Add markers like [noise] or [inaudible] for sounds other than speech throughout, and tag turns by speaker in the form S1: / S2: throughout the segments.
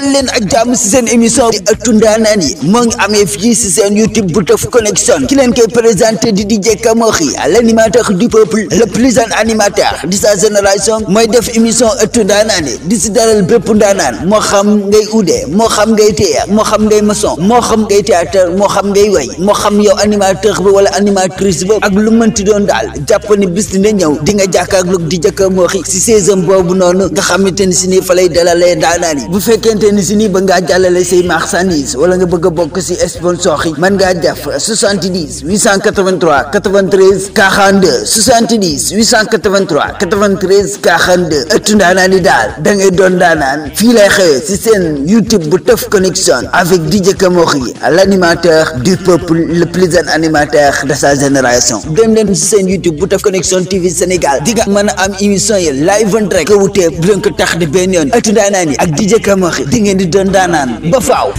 S1: dal leen ak jàmm si seen émission di ëttu ndaanaan yi moo ngi amee fii si seen youtube bu Teuf Connection ki leen koy présenté di DJ Kamokhi l'animateur du peuple le plus jeune animateur de sa génération mooy def émission ëttu ndaanaan yi di si dalal bépp ndaanaan moo xam ngay uudee moo xam ngay téye moo xam ngay maçon moo xam ngay théâtre moo xam ngay way moo xam yow animateur bi wala animatrice ba ak lu mënti doon daal jàpp ne bis dina ñëw di nga jàkkaarloog DJ Kamokhi si saison boobu noonu nga xamante ni si ni fa lay dalalee ndaanaan yi États-Unis ba ngaa jàllale say marchandise wala nga bëgg a bokk si sponsor yi mën ngaa def 70 883 93 42 70 883 93 42 ëttu ndaanaan yi daal da ngay doon daanaan fii lay xëwee si seen YouTube bu Teuf Connection avec di DJ Kamori l'animateur du peuple le plus jeune animateur de sa génération dem leen si seen YouTube bu Teuf Connection TV Sénégal di nga mën a am émission yi live en direct kawutee bu leen ko tax di benn yoon ëttu ndaanaan yi ak DJ Kamori di ngeen di doon daanaan ba faaw.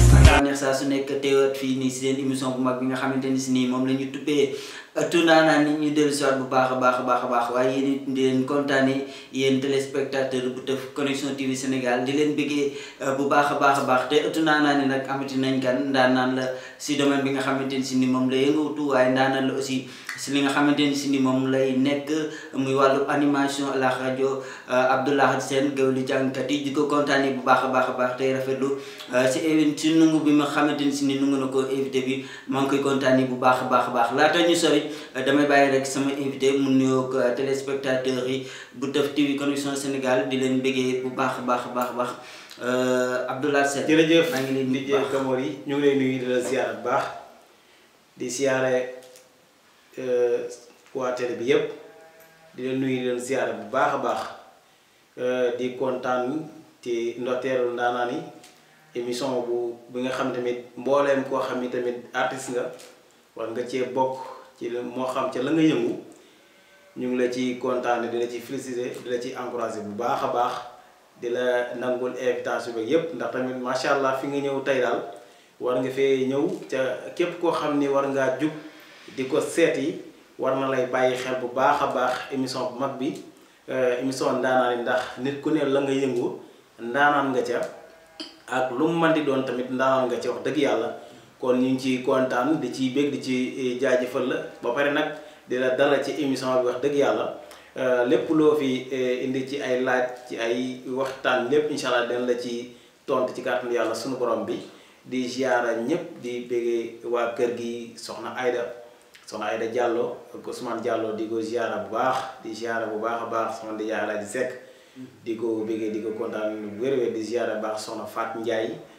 S2: saa su nekk teewaat fii nii si seen émission bu mag bi nga xamante ni si nii moom la ñu tuddee tundaa naa nit ñu dellu siwaat bu baax baax a baax a baax waaye yéen it di leen kontaane yéen téléspectateur bu Teuf Connection TV Sénégal di leen bëggee euh, bu baax a baax a baax te tundaa naa ni nag amati nañ gan ndaanaan la si domaine bi nga xamante ni si ni moom la yëngatu waaye ndaanaan aussi si li nga xamante ni si ni moom lay nekk muy wàllu animation à la rajo euh, Abdou Lahad Sène Géwélu jàngkat yi di ko kontaane bu baax a baax a baax tey rafet lu euh, si évén si nungu bi nga xamante ni si ni nungu na ko invité bi maa ngi koy kontaane bu baax a baax a baax Euh, damay bàyyi rek sama invité mu nuyoog euh, téléspectateurs yi bu Teuf TV Connexion Sénégal di leen bëggee bu baax a baax a baax a baax euh, Abdoulaye Sène. jërëjëf maa ngi leen di baax ñu ngi lay nuyu di
S3: bu baax di siyaare waa télé bi yépp di leen nuyu di leen ziar bu baax a baax di kontaan ti ndorteelu ndaanaan émission bu bi nga xam tamit mbooleem koo xam ni tamit artiste nga war nga cee bokk. ci mo xam ci la nga yëngu ñu ngi la ci contane dina ci féliciter dina ci encourager bu baaxa baax di nangul invitation bi yépp ndax tamit macha allah fi nga ñëw tay dal war nga fee ñëw ca képp ko xamni war nga juk diko séti war na lay bayyi xel bu baaxa baax émission bu mag bi euh, émission ndaanaan ndax nit ku ne la nga yëngu ndaanaan nga ca ak lu mu mën di doon tamit ndaanaan nga ca wax dëgg yàlla kon ñu ngi ciy kontaan di ciy bég di ci eh, jaajëfal la ba pare nag di la dala ci émission bi wax dëgg yàlla euh, lépp loo fi eh, indi ci ay laaj ci ay waxtaan lépp incha allah dina la ci tontu ci kàttanu yàlla sunu borom bi di ziara ñëpp di béggee waa kër gi soxna Aida soxna Aida Diallo ak Ousmane jàlloo di ko ziara bu baax di ziara bu baax a baax soxna di ziara di sekk mm. di ko béggee di ko kontaan wér-wér di ziara baax soxna Faat Ndiaye.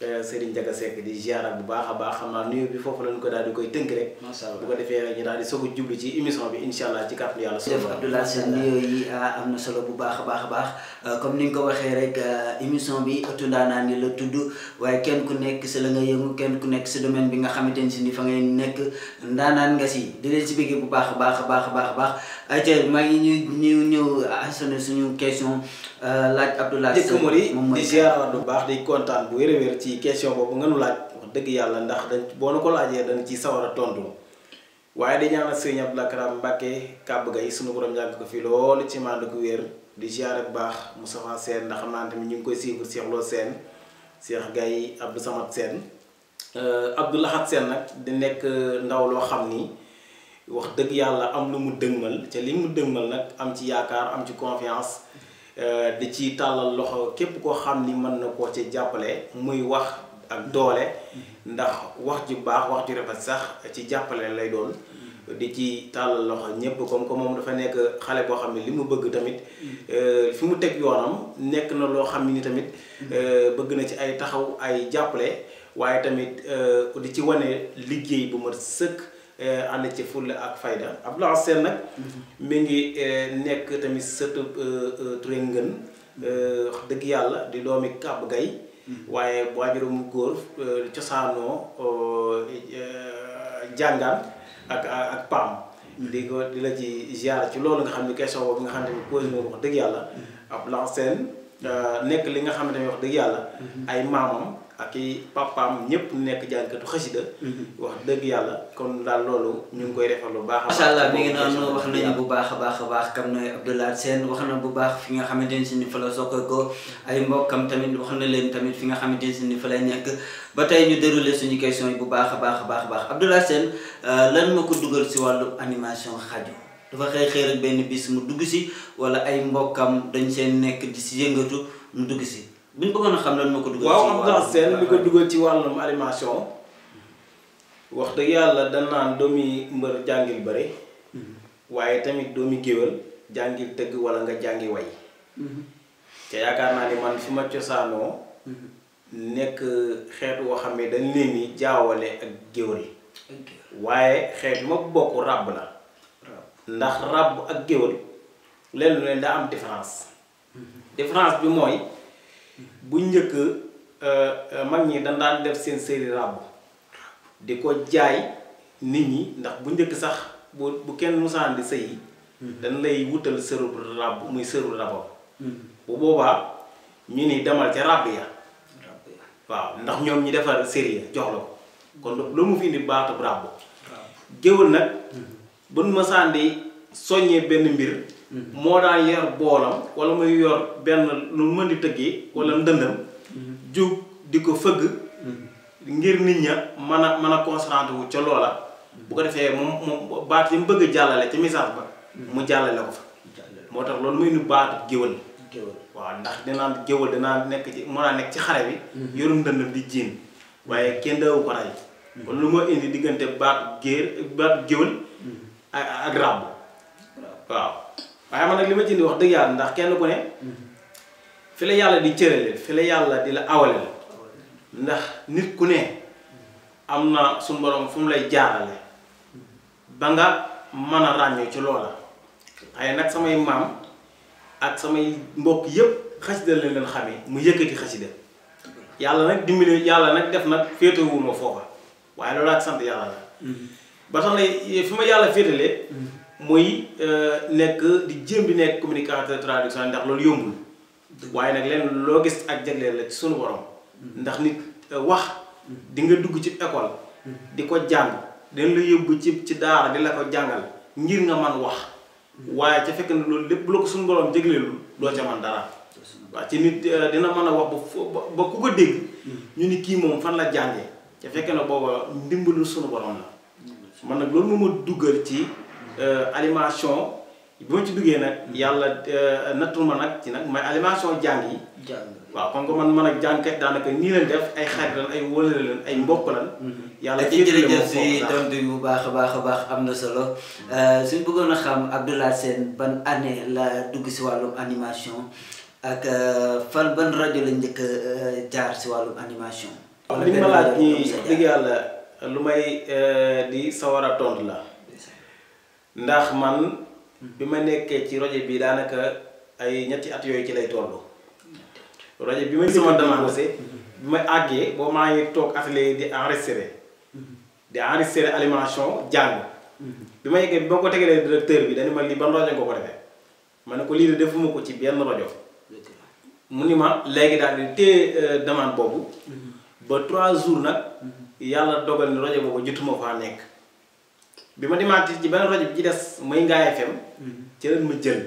S3: Serigne Ndiaga Seck di ziara bu baax a baax xam naa nuyu bi foofu lañ ko daal di koy tënk rek. macha allah bu ko defee ñu daal di soog a jublu ci émission bi incha allah
S1: ci kàttan yàlla. Ah, am solo bu baax a baax a baax euh, comme ni nga ko waxee rek
S2: euh, émission bi ëttu ndaanaan ni la tudd waaye kenn ku nekk si la nga yëngu kenn ku nekk si domaine bi nga xamante ni si ni fa ngay nekk ndaanaan nga si di leen si bëggee bu baax a baax a baax a baax a baax ayca maa ngi ñu ñu ñëw asane ah, suñu question. laaj abdoulaye
S3: jëkk mu di eh, di ziarar bu baax di kontaan bu wér wér ci question boobu nga nu laaj wax dëgg yàlla ndax dañ boo nu ko laajee dañ ci sawar a tontu waaye di ñaanal sëriñ abdoulaye mbàkke kàbb gay sunu borom yàgg ko fi loolu ci mànd ko wér di ziar bu baax moustapha seen ndax xam naa tamit ñu ngi koy suivre cheikh loo seen cheikh gay abdou samad seen abdou lahat seen nag di nekk eh, ndaw loo xam ni wax dëgg yàlla iya am lu mu dëgmal ca li mu dëgmal nag am ci yaakaar am ci confiance Euh, di ci tàllal loxo képp koo xam ni mën na koo ci jàppale muy wax ak doole ndax wax ju baax wax ju rafet sax ci jàppale lay doon di ci tàllal loxo ñépp comme que moom dafa nekk xale boo xam ne li mu bëgg tamit euh, fi mu teg yoonam nekk na loo xam ni tamit euh, bëgg na ci ay taxaw ay jàppale waaye tamit di ci wane liggéey bu ma sëkk Eh, ànd ci fulla ak fayda Abdoulaye Sène nag mhm. mi ngi eh, nekk tamit sëtu eh, Touré Ngën mhm. dëgg yàlla di doomi Kàbb Gay mhm. waaye waajuram góor cosaanoo jàngaan ak ak paam di ko di la ci ziar ci loolu nga xam ne question boobu nga xam ne posé nga wax dëgg yàlla Abdoulaye Sène nekk li nga xam ne tamit wax dëgg yàlla ay maamam ak papam ñepp ñëpp nekk jàngkatu xasida mhm. wax
S2: deug yalla kon daal lolu ñu ngi koy defal lu baax masha allah mi ngi nañu wax nañu bu baax a baax baax kam noy abdullah sen wax na bu baax fi nga xamanteni ci ni fa la sokko go ay mbokkam tamit wax na leen tamit fi nga xamanteni ci ni fa lay nekk ba tay ñu déroulé suñu question yi bu baax a baax baax a baax Abdoulaye Sène euh, lan mako duggal ci walu wàllu animation xaju dafa xey xey rek benn bis mu dugg ci wala ay mbokam dañ seen nekk di si yëngatu mu dugg ci buñ bëggoon na xam lan mako duggal dugal. waaw Abdou sen mi ko
S3: duggal ci walum animation. wax dëgg yalla da naan domi mbeur jangil bari mhm. waye tamit domi géwél jangil tëgg wala nga jàngi way. ci mhm. yaakar na ni man fi ma nek mhm. nekk wo xamé dañ leen di jaawale ak géwél. waaye xeet ma bokk rab la. ndax rab ak géwél lenn leen da am différence. différence bi moy bu njëkk euh, euh, mag ñi dañ daan def seen sëri ràbb di ko jaay nit ñi ndax bu njëkk sax bu bu kenn musaan di sëyi mhm. dañ lay wutal sëru ràbb muy sëru rabam mhm. bu boobaa ñu ni demal ca ràbb ya waaw ndax ñoom ñi defar sëri ya jox la ko kon loolu mu fi indi baatub ràbb géwël nag mhm. bu nu soññee benn mbir moo daa yor boolam wala muy yor benn lu mën di tëggee wala mm-hmm. ndëndam mm-hmm. jóg di ko fëgg
S2: mm-hmm.
S3: ngir nit ña mën a mën a concentré wu ca loola bu ko defee moom moom baat yi mu bëgg jàllale ci message ba mu jàllale ko fa moo tax loolu muy nu baat géwël waaw ndax dinaa géwël danaa nekk ci mën a nekk ci xare bi yorum ndëndam di jiin waaye kenn dawu ko rey kon lu indi diggante baat géer baat géwël ak ràbb waaw waaye man nag li ma ci indi wax dëgg yàlla ndax kenn ku ne fi la yàlla di cërale fi la yàlla di la awale la ndax nit ku ne am na suñu borom fu mu lay jaarale ba nga mën a ràññoo ci loola waaye nag samay maam ak samay mbokk yépp xasida lañ leen xamee mu yëkkati xasida yàlla nag dimbali yàlla nag def nag féetewuma foofa waaye loolu ak sant yàlla la ba tax na fi ma yàlla féetalee mooy euh, nekk di jéem di nekk communicateur traditionnel ndax loolu yombul waaye nag leen loo gis ak jagleel la ci sunu borom mm-hmm. ndax nit euh, wax mm-hmm. di nga dugg ci école mm-hmm. di ko jàng dañ la yóbbu ci ci daara di la ko jàngal ngir nga man wax waaye ca fekk na loolu lépp bu la ko sunu borom jagleelul loo ca dara waaw ci nit euh, dina mën a wax ba ba ku ko dégg ñu ni kii moom fan la jàngee ca fekk na booba ndimbalu sunu borom la man nag loolu moo ma duggal ci Euh, animation bu ci duggee nag hmm. yàlla euh, nattu ma nag ci nag mooy animation jàng yi. waaw kon ko man man ak jàngkat daanaka nii leen def ay xarit lan ay wëlële lan ay mbokk lan. Hmm.
S2: yàlla jërëjëf si tontu bu baax a baax a baax am na solo hmm. euh, suñ bëggoon a xam Abdoulaye Sène ban année la dugg si wàllum animation ak fan ban rajo la njëkk jaar si wàllu animation. wala benn rajo li ma laaj nii dëgg
S3: lu may di sawar a tontu la. ndax man bi ma nekkee ci rajo bi daanaka ay ñetti at yooyu ci lay toll. rajo bi ma sama demandé ma àggee boo maa ngi toog atelier di enregistré di enregistré alimentation jàng bi ma yeggee bi ko tegalee directeur bi dañu ma lii ban rajo nga ko defee ma ne ko lii de defuma ko ci benn rajo mu ni ma léegi daal di téye euh, demande boobu mhm. ba trois jours nag mhm. yàlla dogal ni rajo boobu jotuma faa nekk bima di mati di bana rajo bi ci may Ngaye FM. Mhm. ci leen ma jël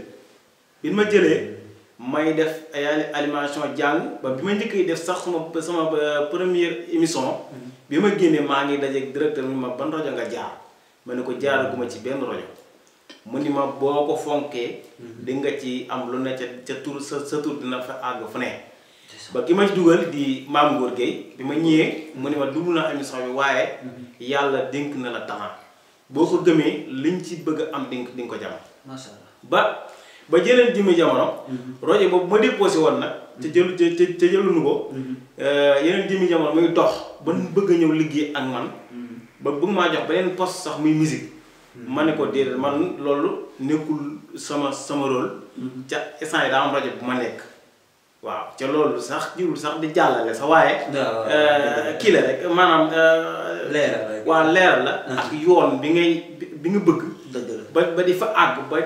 S3: bi ma jëlee may def ay animation jang ba bi ma njëkk yi def sax sama sama première émission. Mhm. bi ma génnee maa ngi dajeeg directeur mu ma ban rajo nga jaar ma ne ko jaaraguma ci benn rajo mu ni ma boo ko mhm. di nga ci am lu ne ca ca tur sa sa dina fa àgg fu ba ki ma duwal di maam Ngor Gueye bi ma nye mu ni ma dugg na émission bi waaye yalla dénk na la tanga boo ko gëmee liñ ci bëgg am di nga ko jamono. macha ba ba jëleen jëmmi jamono. projet mhm. boobu ma déposé woon nag. te mhm. jëlu te te jëluñu ko. Mhm. Euh, yeneen jëmmi jamono muy dox ba bëgg a ñëw liggéey ak man. ba bëgg maa jox beneen post sax muy musique. ma ne ko déedéet man loolu nekkul sama sama rôle. ca instant yi daa am rajo bu ma nekk. waaw ca loolu sax jiwul sax di jàllale sax waaye. Euh, kii la rek maanaam. Euh, leeral la waaw leeral la. Ah. ak yoon bi ngay bi nga bëgg. ba ba di fa àgg ba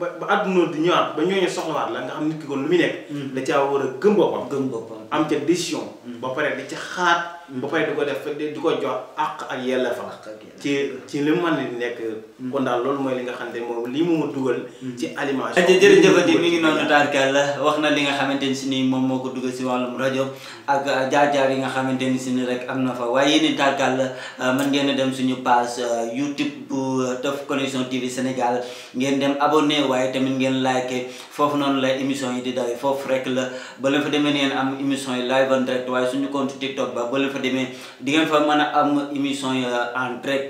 S3: ba ba àdduna di ñëwaat ba ñooñu soxlawaat la nga xam nit ki kon lu muy nekk. Hmm. da caa war a gëm boppam. gëm boppam am ca décision. Hmm. ba pare di ca xalaat. Hmm. ba pare di ko def di ko jox àq ak yelleef ak ci ci li man mën nek mm. ko dal loolu moy li nga xamante ne li lii
S2: duggal mm. ci dugal. ci jere jere di mi ngi nonu tarkalla wax na li nga ci ni mom moko duggal ci walum radio ak uh, jaar-jaar yi nga ci ni rek amna na fa waye ni i tarkalla uh, ngeen dem suñu page uh, YouTube bu Teuf connexion TV senegal ngeen dem abonné waye tamit ngeen like fofu non la émission yi di daw fofu rek la ba la fa demee ngeen am émission yi live en direct waye suñu compte TikTok ba ba la fa demee di ngeen fa mëna am émission en direct.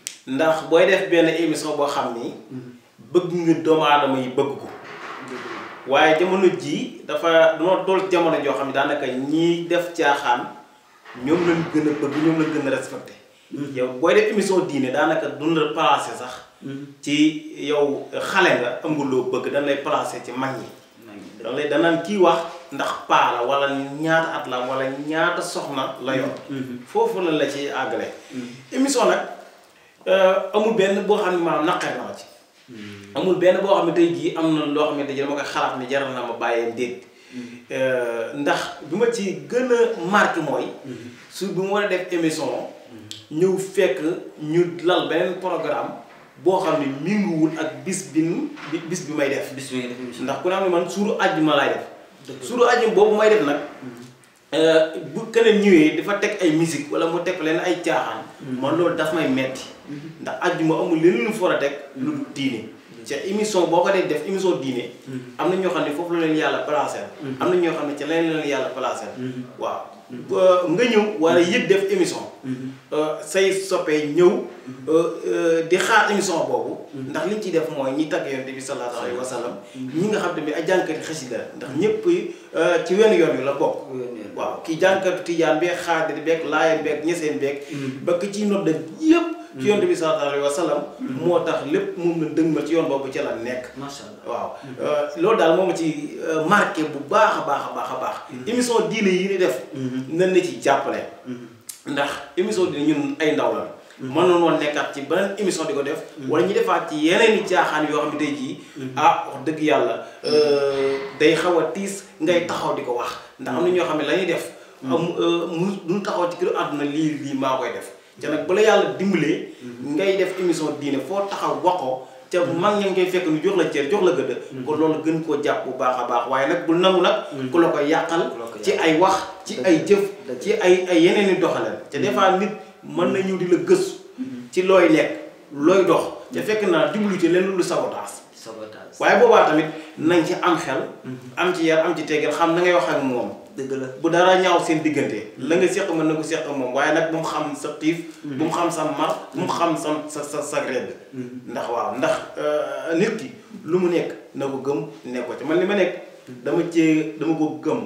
S3: ndax booy def benn émission boo xam ni bëgg nga doomu aadama yi bëgg ko waaye jamono ji dafa duna toll jamono joo xam ne daanaka ñiy def caaxaan ñoom lañ gën a bëgg ñoom lañ gën a respecté mm-hmm. yow booy def émission diine daanaka duñ la placé sax mm-hmm. ci yow xale nga ëmb loo bëgg dañ lay placé ci mag ñi dañ lay danaan kii wax ndax paa la wala ñaata at la wala ñaata soxna la yor mm-hmm. foofu la la ci àggale émission nag Euh, amul benn boo xam ne maanaam naqare na ma ci. Hmm. amul benn boo xam ne tey jii am na loo xam ne dañu ma ko xalaat ne jaral naa ma bàyyee déet. Hmm. Euh, ndax bi ma ci gën a marqué mooy. Hmm. su bi mu a def émission. ñëw fekk ñu lal beneen programme. boo xam ne minguwul ak bis bi bis bi may def. bis bi ndax ku ne xam ne man suuru àjjuma laay def. suuru àjjuma boobu may def nag. Euh, bu keneen ñëwee dafa teg ay musique wala mu teg leen ay caaxaan. man loolu daf may metti ndax àjjuma amul leneen lu fa war a teg lu diine ci émission boo ko dee def émission diine am na ñoo xam ne foofu la leen yàlla placé am na ñoo xam ne ci leneen leen yàlla placé waaw euh, nga ñëw wala yëpp def émission euh, say soppee ñëw euh, di xaar émission boobu ndax liñ ci def mooy ñi tagg yonent bi sallallahu alayhi wa sallam ñi nga xam tamit ay jànkati xasida ndax ñëpp ci wenn yoon yu la bokk waaw kii jànkatu tijaan beeg xaadir beeg laayeen beeg ñeseen beeg ba ki ci yonent bi sallallahu alayhi wa sallam moo tax lépp moom la ma ci yoon boobu ca la nekk macha allah waaw euh, loolu daal moom ci euh, marqué bu baax a baax a baax a baax mm-hmm. émission diine yi ni def nan mm-hmm. na ci jàppale
S2: mm-hmm.
S3: ndax émission diine ñun ay ndaw la mën noonu woon nekkaat ci beneen émission di ko def wala ñu defaat ci yeneen i caaxaan yoo xam ne tey jii ah wax dëgg yàlla euh, day xaw a tiis ngay taxaw di ko wax ndax am na ñoo xam ne la def mu taxaw ci kër àdduna lii lii maa koy def te nag bu la yàlla dimbalee. Mhm. ngay def émission diine foo taxaw waxoo. te mag ña ngay fekk ñu jox la cër jox la gëdd. Mhm. kon loolu gën koo jàpp bu baax a baax waaye nag bu nangu nag. Mhm. ku la ko yàqal ci ay wax ci ay jëf. ci ay ay yeneen i doxalin. te des fois nit mën nañu di la gëstu. ci looy nekk looy dox. te fekk naa jublu ci leen lu sabotage.
S2: sabotage
S3: waaye boobaa tamit nañ ci am xel. am ci yar am ci teggeel xam na ngay wax ak moom. dëgg la bu dara ñaaw seen diggante. Mm. la nga seq mën na ko seq moom waaye nag bu mu xam sa xiif. Mm. bu mu xam sa mar bu mu mm. xam sa sa sa sa ndax waaw ndax euh, nit ki lu mu nekk na ko gëm nekkoo ko ci man li ma nekk dama cee dama koo gëm.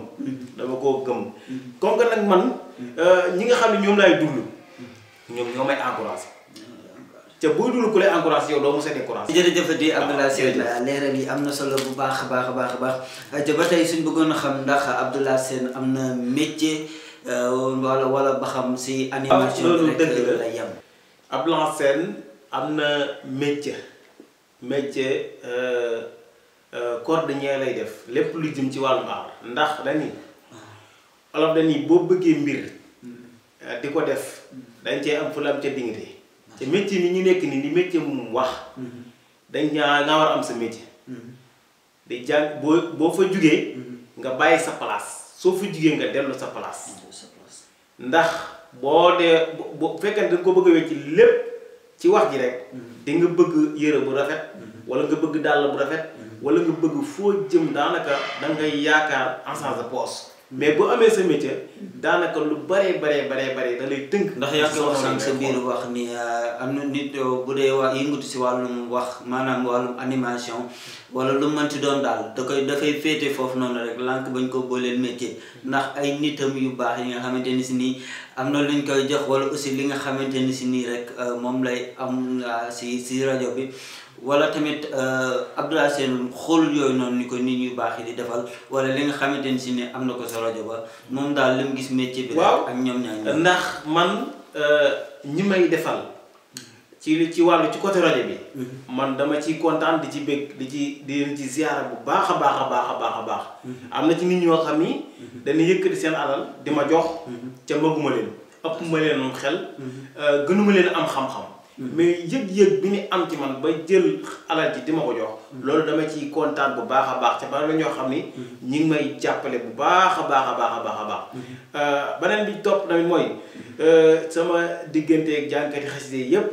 S3: dama koo gëm. comme que nag man euh, ñi nga xam
S2: ne ñoom laay dund ñoom ñoo may encouragé. te buy dul ku lay encouragé doo mos a découragé. jërëjëf di Abdoulaye Sène leeral yi am na solo bu baax a baax a baax a baax te ba tey suñ bëggoon a xam ndax Abdoulaye Sène am na métier euh, wala wala ba si. animation rek la yem Abdoulaye am na métier
S3: métier euh, euh, cordonnier lay def lépp lu jëm ci wàllu mbaar ndax dañuy olof dañuy boo bëggee mbir mm. di ko def mm. dañ cee am fulam ca dignité te métier mi ñu nekk nii ni bu mu wax mm-hmm. dañ naa nga war am sa métier mm-hmm. day jàng boo boo fa jugee mm-hmm. nga bàyyi sa palaas soo fa jugee nga dellu sa place ndax boo dee boo fekkante da nga ko bëgg a lépp ci wax ji rek da nga bëgg yére bu rafet wala nga bëgg dàll bu rafet wala nga bëgg foo jëm daanaka da ngay yaakaar en change de mais bu amee sa métier daanaka lu baree baree baree baree
S2: da lay tënk. ndax yaa ngi sa biir wax ni euh, am na nit euh, bu dee wax yëngatu si wàllum wax maanaam wàllum animation wala lu mënti doon daal da koy dafay féete foofu noonu rek lànk bañ ko booleel métier ndax ay nitam yu baax yi nga xamante ni si nii am na luñ koy jox wala aussi li nga xamante ni si nii rek euh, moom lay am si si rajo bi. wala tamit euh, Abdoulaye Sène xoolul yooyu noonu ni ko nit ñu baax yi di defal wala li nga xamante ni si ne am na ko sa rajo ba moom daal li mu gis métier bi. waaw ak ñoom ñaar ndax man euh, ñi may defal. ci ci wàllu ci côté rajo bi. Mhm.
S3: man dama ciy kontaan di ci bëgg di ci di leen ci ziara bu baax a baax a baax a baax a baax. Mhm. am na ci nit ñoo xam ni. Mhm. dañuy yëkkati seen alal di ma jox. ca maguma leen ëpp ma leen xel. Euh, gënuma leen am xam-xam. mais yëg-yëg bi ni am ci man ba jël alal ji di ma ko jox. loolu dama ciy kontaan bu baax a baax ca bari la ñoo xam ni. ñi ngi may jàppale bu baax a baax a baax a baax a baax. Euh, beneen di topp tamit mooy euh, sama digganteeg jànkati xaside yëpp.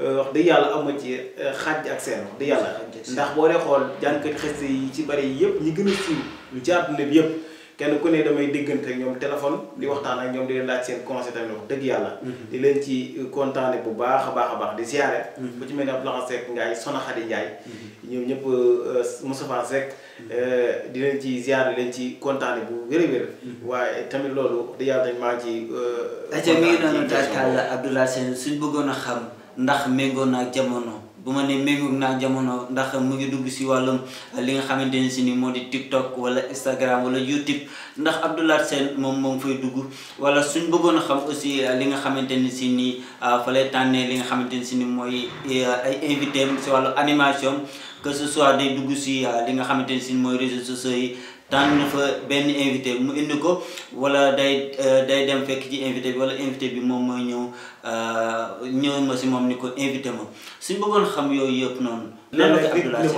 S3: Euh, wax dëgg yàlla am ci xaaj ak seen wax dëgg yàlla. ndax boo dee xool jànkati xaside yi ci bari yëpp ñi gën a siiw. ci àdduna bi yëpp. kenn ku ne damay déggante ak ñoom téléphone di waxtaan ak ñoom di leen laaj seen conseil tamit wax dëgg yàlla mhm. di leen ci kontaane bu baax a baax a baax di ziare bu mhm. ci mel ne Abdoulaye Seck Ngaye Soxna Khady Ndiaye mhm. ñoom ñëpp euh, Moustapha Seck euh, di leen ci ziare leen ci kontaane bu wér a wér waaye tamit loolu di yàlla dañ maa ci euh, aca mi
S2: ngi noonu daal suñ bëggoon a xam ndax méngoo naag jamono bu ma nee méngoog naa jamono ndax mu ngi dugg si wàllum li nga xamante ne si ni moo di TikTok wala Instagram wala YouTube ndax Abdou Lahad Sène moom moo ngi fay dugg wala suñ bëggoon a xam aussi li nga xamante ne si ni ah, fa lay tànnee li nga xamante ne si ni mooy eh, ay invité si wàllu animation que ce soit day dugg si ah, li nga xamante ne si ni mooy réseaux sociaux yi tànn fa ben invité mu indi ko wala day euh, day dem fekk ci invité bi wala invité bi moom mooy ñëw euh, ñew ma ci mom ni ko invité ma suñ bëggon xam yoy yëpp noonu. lan la ko Abdoulaye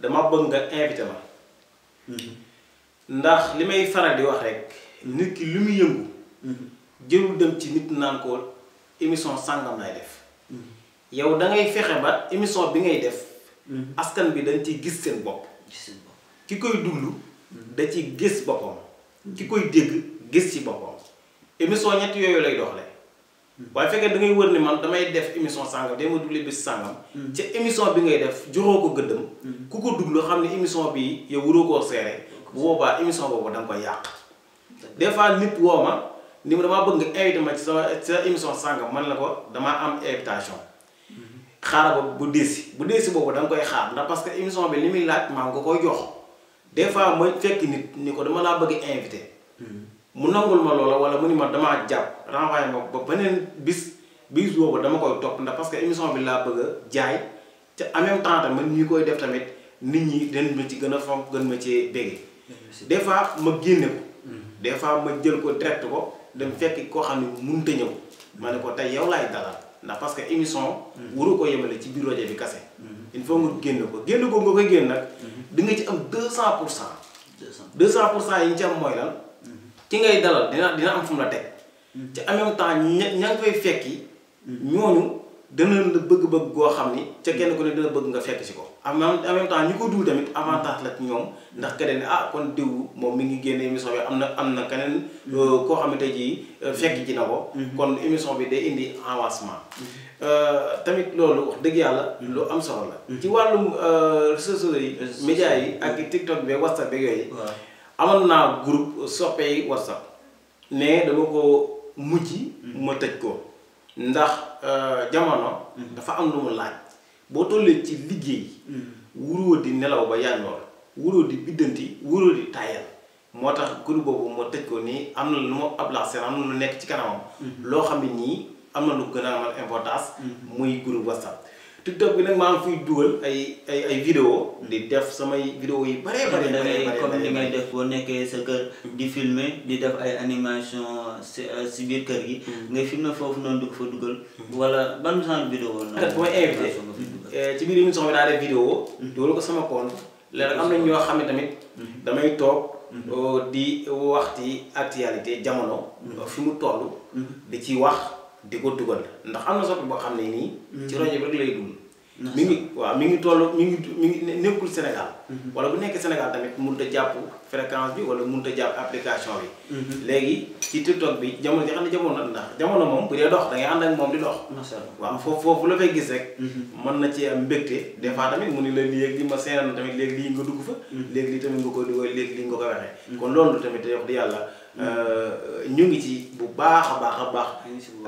S2: dama bëgg nga invité ma. Mm-hmm.
S3: ndax limay faral di wax rek. nit ki lu muy yëngu. Mm-hmm. jërul dem ci nit naan ko émission sangam lay def. Mm-hmm. yow da ngay fexé ba émission bi ngay def. askan bi dañ ci gis seen bopp. ki koy duglu. da ci gis boppam ki koy dégg gis ci boppam émission ñett yooyu lay doxle waaye fekkee da ngay wër ni man damay def émission sàngam day ma dugle bis sàngam mm. émission bi ngay def joxoo ko gëddam mm. ku ko xam ne émission bi yow wuroo koo seere bu boobaa émission boobu da nga koy yàq des fois nit woo ma ni damaa bëgg nga invité ma ci sama sa sàngam man la ko damaa am invitation mm-hmm. xaaral ba bu deesi bu deesi boobu da nga koy xaar ndax parce que émission bi li muy laaj maa nga koy jox des fois ma fekki nit ni ko dama laa bëgg invité. mu nangul ma loola wala mu ni ma damaa jàpp renvoyé ma ba beneen bis bis boobu dama koy topp ndax parce que émission bi laa bëgg jaay te en temps tamit man ñu koy def tamit nit ñi dañ ma ci gën a fonk gën ma cee bége. des fois ma génne ko. des fois ma jël ko direct ko dem fekk koo xam ne mënut ñëw. ma ne ko tey yow laay dalal ndax parce que émission. Hmm. waru ko yemale ci biir rajo bi kase. Hmm. il faut nga génn ko génn ko nga koy génn nag mhm. di nga ci am deux cent pour cent deux cent pour cent yi ñu ci am mhm. ki ngay dalal dina dina am fu a la teg mhm. ci en même temps ña ña ngi koy fekki ñooñu dana la bëgg-bëgg goo xam ni ca kenn ku ne dina bëgg nga fekk si ko en même temps ñu ko dul tamit avantage la ci ñoom ndax keneen ne ah kon diw moom mi ngi génne émission bi am na am na keneen euh, koo xam ne fekki jii euh, fekk ji na ko kon émission bi day indi avancement Euh, tamit loolu wax dëgg yàlla lu am solo la. Mm-hmm. ci wàllu euh, réseaux sociaux yi. médias yi ak TikTok beeg WhatsApp beeg yooyu. amoon naa groupe soppeeku WhatsApp. mais dama ko mujj. Mm-hmm. ma tëj ko. ndax euh, jamono. Mm-hmm. dafa am lu mu laaj. boo tollee ci liggéey. wuroo di nelaw ba yàndoor wuroo di biddanti wuroo di taayal. moo tax groupe boobu ma tëj ko nii am na lu ma ab lancé am na lu nekk ci kanamam. loo xam nii. am na lu gën a amal importance. Mm-hmm. muy groupe WhatsApp. TikTok bi nag maa ngi
S2: dugal ay ay ay vidéo di def samay vidéo yi bare bare da ni ngay def boo nekkee sa kër mm-hmm. di filmer di def ay animation si euh, biir kër gi mm-hmm. ngay filmer foofu noonu di ko fa dugal wala ban genre vidéo nag bu may invité euh, ci
S3: biir émission bi daa def vidéo dugal ko sama compte léegi am na ñoo xam ne tamit damay toog euh, di waxti actualité jamono fi mu toll di ci wax di ko dugal ndax am na soppi boo xam ne nii. Mm-hmm. ci rajo bi rek lay dund. mi ngi waaw mi ngi toll mi ngi mi ngi nekkul Sénégal. Mm-hmm. wala bu nekk Sénégal tamit mun ta jàpp fréquence bi wala mënut a jàpp application bi. Mm-hmm. léegi ci TikTok bi jamono ji xam ne jamono ndax jamono moom bu dee dox da ngay ànd moom di dox. waaw foofu la fay gis rek. mën na ci am mbégte des fois tamit mu ni la lii li ma seenal tamit léegi lii nga dugg fa. léegi lii tamit nga ko léegi lii nga ko waxee. tamit wax Euh, ñu ngi ci bu baax a baax a baax.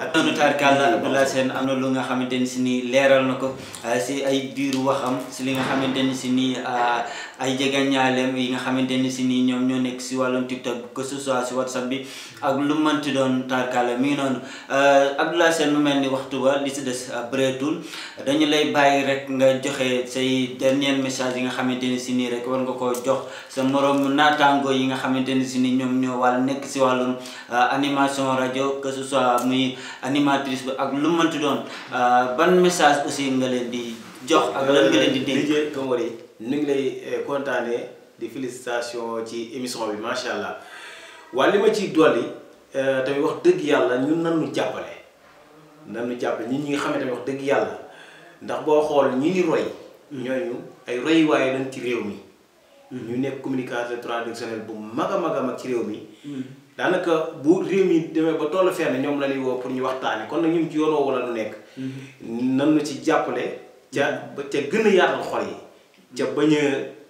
S2: ak noonu tarkalla Abdoulaye Sène am na lu nga xamante ni si nii leeral na ko euh, si ay biiru waxam si li nga xamante ni si nii. Euh, ay ñaalem yi nga xamante ni si nii ñoom ñoo nekk si walum tiktok que ce soit si whatsapp bi ak lu mënti doon tarkaale mi euh ak la sen mu melni waxtu ba li si dess euh, bëreetul dañu lay bayyi rek nga joxe say dernier message yi nga xamante ni rek war nga ko jox sa moroom naataango yi nga xamante ni si ñoo wal nekk ci walum euh, animation rajo que ce soit muy animatrice ak lu mënti doon euh, ban message aussi nga leen di jox ak lan nga leen di dénk ñu ngi lay eh, kontaane di félicitation ci
S3: émission bi macha allah waaye li ma ciy dolli eh, tamit wax dëgg yàlla ñu nan nu jàppale nan nu jàppale ñun ñi nga xam ne tamit wax dëgg yàlla ndax boo xool ñi ni roy ñooñu ay roy waaye lañ ci réew mi. Mm-hmm. ñu nekk communication traditionnel bu mag a mag a mag ci réew mi. Mm-hmm. daanaka bu réew mi demee ba tollu fenn ñoom la ñuy woo pour ñu waxtaanee kon nag ñun ci wala nu nekk. Mm-hmm. nan nu ci jàppale. ca ba ca gën a yaatal xol yi. ca bañ a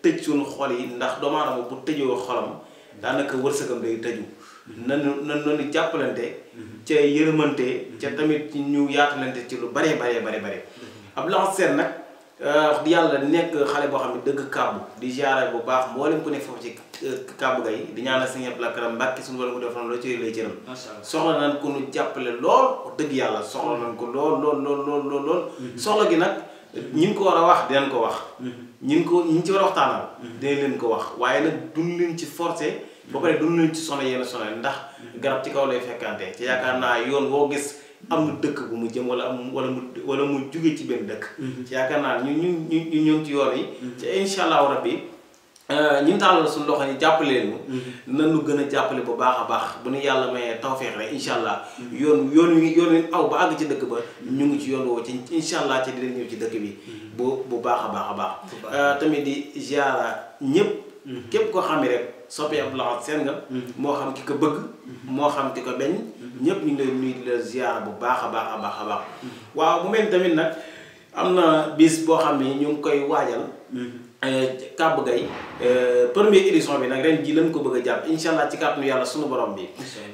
S3: tëj suñu xol yi ndax doomu aadama bu tëjoo xolam daanaka wërsëgam day tëju nanu nan nanu jàppalante mhm. ca yërëmante ca mhm. tamit ñu yaatalante ci lu baree baree bare bare mhm. ab lanceen nag euh, di yàlla nekk xale boo xam ne dëgg kàbbu di ziare bu baax mboolem ku nekk foofu ci euh, kàbbu gay di ñaanal sëñ Abdou Karam Mbàkke suñu wala mu defoon loo lay cëram soxla nañ ko nu jàppale dëgg yàlla soxla nañ ko lool lool lool lool lool soxla gi nag ñi ko war a wax dinañ ko wax. Mm-hmm. ñi ko ñi ci war a waxtaanal. Mm-hmm. dinañ leen ko wax waaye nag duñ leen ci forcer. ba pare duñ leen ci sono yenn sono ndax mm-hmm. garab ci kaw lay fekkante ci yaakaar naa yoon boo gis am dëkk bu mu jëm wala am wala mu wala mu jugee ci benn dëkk. ci yaakaar naa ñu ñu ñu ñu ngi ci yoon yi. ci incha allahu rabbi Euh, ñi mu tàllal loxo yi jàppale leen mm-hmm. nan lu gën a jàppale bu baax a baax bu ñu yàlla mayee tawfeex rek incha allah mm-hmm. yoon yoon wi yoon aw ba àgg ci dëkk ba ñu ngi ci yoon woo ci incha allah ci dinañ ñëw ci dëkk bi mm-hmm. bu bu baax a baax a baax euh, tamit di ziara ñëpp képp koo xam ne rek soppe Abdou moo xam ki ko bëgg moo xam ko beñ ñëpp ñu ngi la ziara bu baax a baax a baax a baax waaw bu mel ni tamit nag am na bis boo xam ne ñu ngi koy waajal Euh, Kàbb Gaye euh, première édition bi nag ren ji lañ ko bëgg a jàpp incha allah ci kàttanu yàlla sunu borom bi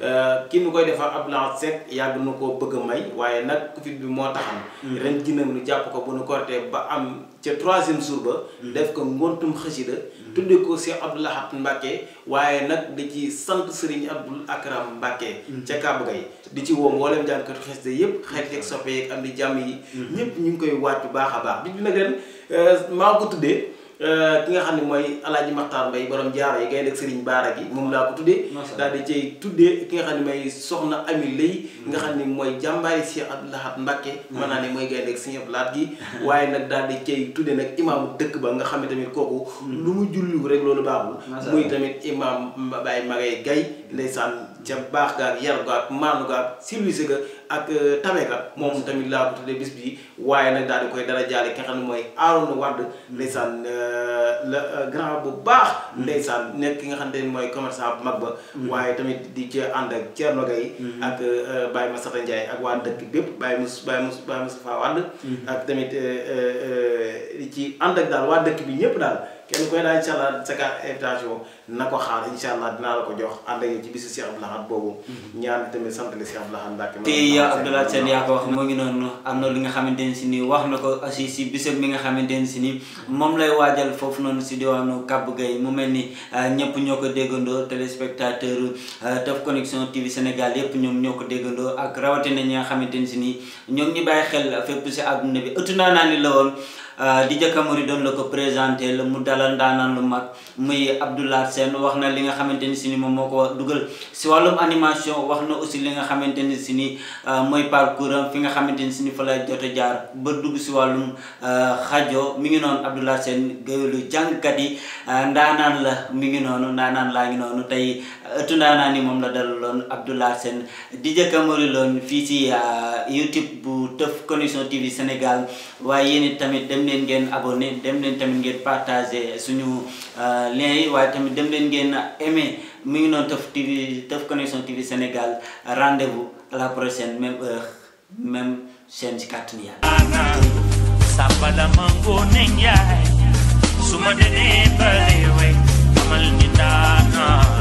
S3: euh, kii nu koy defar Abdoulaye Seck yàgg na koo bëgg a may waaye nag Covid bi moo taxam hmm. ren ji nag nu jàpp ko bu nu kortee ba am ca troisième jour ba hmm. def ko ngontum xasida hmm. tudde ko si Abdoulahat Mbacke waaye nag di ci sant Serigne Abdoul Akram Mbacke ca Kàbb Gaye di ci woo mboolem jànkatu xasida yëpp xarit yeeg soppe yeeg am di jàmm yi ñëpp ñu koy waaj bu baax a baax bi bi nag ren maa ko tuddee Euh, ki nga xam ne mooy alaaji Maxtaar Mbay boroom jaara yi ngay nekk Serigne Baara gi moom laa ko tuddee daal di cay tuddee ki nga xam ne mooy soxna Ami Lay nga xam ne mooy jàmbaari si Abdou Lahad Mbacké mm. mën naa ne mooy ngay nekk Serigne Abdou Lahad gi [laughs] waaye nag daal di cay tuddee nag imaamu dëkk ba nga xam ne tamit kooku mm. lu mu julliwu rek loolu baaxul muy tamit imaam Baye Magay Gay ndeysaan ca baax ga ak yar ga ak maanu ga ak civilisé ga ak euh, tame ga moom tamit laa ko tuddee bis bi waaye nag daal di koy dara jaale ki nga xam ne mooy Aaron Wade mm. ndeysaan euh, la euh, grand bu baax mm. ndeysaan nekk ki nga xam ne mooy commerçant bu mag ba mm. waaye tamit di ca ànd ak Thierno Gaye ak Baye Massata Ndiaye ak waa dëkk bépp Baye Moussa Baye Moussa Baye ak tamit ci ànd ak daal waa dëkk bi ñëpp daal kenn koy da inshallah allah sa ka invitation nako xaar inshallah dina la ko jox ande ak ci bisu cheikh abdullah Lahad boobu. Mm-hmm. ñaan tamit sante le cheikh abdullah Lahad Mbacke. te ya abdullah Lahad ya ko wax mo
S2: ngi non amna li nga xamanteni ci ni wax nako ko aussi bisu bisam bi nga xamanteni ci ni mom lay wajal fofu non ci diwanu kab gay mu melni euh, ñepp ñoko ñoo telespectateur déggandoo euh, Connection TV senegal yep ñom ñoko ko ak rawati na nga xamanteni ci ni nii ñi baye xel fepp ci aduna bi ëttu na ni la Euh, di DJ Camori doon la ko présenté la mu dalal ndaanaan lu mag muy Abdoulaye Sène wax na li nga xamante ni si ni moom moo ko dugal si wàllum animation wax na aussi li nga xamante ni si ni euh, mooy parcours am fi nga xamante ni si ni fa la jot a jaar ba dugg si wàllum xajo euh, mi ngi noonu Abdoulaye Sène géwélu jàngkat yi ndaanaan la mi ngi noonu ndaanaan laa ngi noonu tey tunaanaa ni moom la dalaloon Abdoulaye Sène di jëkka mariloon fii si euh, YouTube bu Teuf Connection TV Sénégal waaye yéen tamit dem leen ngeen abonné dem leen tamit ngeen partage suñu euh, lien yi waaye tamit dem leen ngeen aimé mu ngi noonu Teuf TV Teuf Connection TV Sénégal rendez-vous à la prochaine même heure même chaîne si kàttanu Yàlla